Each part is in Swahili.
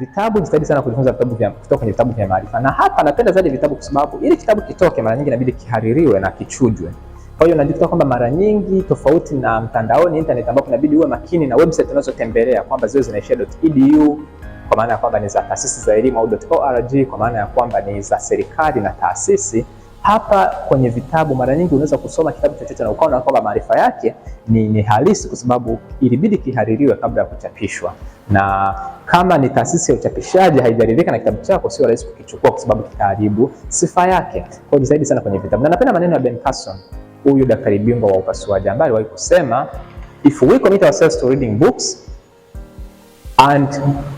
Vitabu jitahidi sana kujifunza vitabu vya kutoka kwenye vitabu vya maarifa, na hapa napenda zaidi vitabu kwa sababu ili kitabu kitoke, mara nyingi inabidi kihaririwe na kichujwe. Kwa hiyo najikuta kwamba mara nyingi, tofauti na mtandaoni, internet, ambapo inabidi uwe makini na website unazotembelea kwamba ziwe zinaishia kwa maana ya kwamba ni za taasisi za elimu au .org kwa maana ya kwamba ni za serikali na taasisi hapa kwenye vitabu mara nyingi unaweza kusoma kitabu chochote na ukaona kwamba maarifa yake ni, ni halisi kwa sababu ilibidi kihaririwe kabla ya kuchapishwa, na kama ni taasisi ya uchapishaji haijaridhika na kitabu chako, sio rahisi kukichukua kwa sababu kitaharibu sifa yake. Kwa hiyo zaidi sana kwenye vitabu, na napenda maneno ya Ben Carson, huyu daktari bingwa wa upasuaji ambaye aliwahi kusema if we commit ourselves to reading books and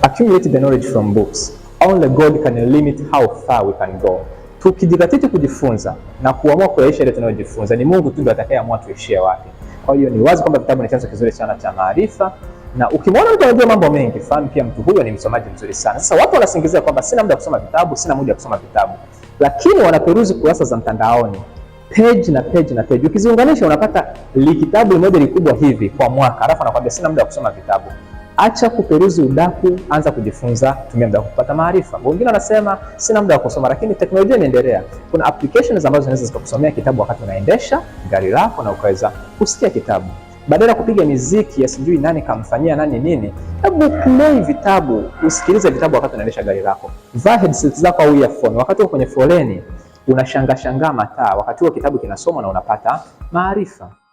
accumulate the knowledge from books only God can limit how far we can go. Tukijikatiti kujifunza na kuamua kuyaisha ile tunayojifunza, ni Mungu tu ndiye atakayeamua tuishie wapi. Kwa hiyo ni wazi kwamba vitabu ni chanzo kizuri sana cha maarifa, na ukimwona mtu anajua mambo mengi, fahamu pia mtu huyo ni msomaji mzuri sana. Sasa watu wanasingizia kwamba sina muda wa kusoma vitabu, sina muda wa kusoma vitabu, lakini wanaperuzi kurasa za mtandaoni page na page na page, ukiziunganisha unapata likitabu moja likubwa hivi kwa mwaka, alafu anakuambia sina muda wa kusoma vitabu. Acha kuperuzi udaku, anza kujifunza, tumia muda kupata maarifa. Wengine wanasema sina muda wa kusoma, lakini teknolojia inaendelea. Kuna applications ambazo zinaweza zikakusomea kitabu wakati unaendesha gari lako na ukaweza kusikia kitabu badala ya kupiga miziki ya sijui nani kamfanyia nani nini, hebu play vitabu, usikilize vitabu wakati unaendesha gari lako. Vaa headset zako au earphone wakati uko kwenye foleni, unashangashangaa mataa, wakati huo kitabu kinasomwa na unapata maarifa.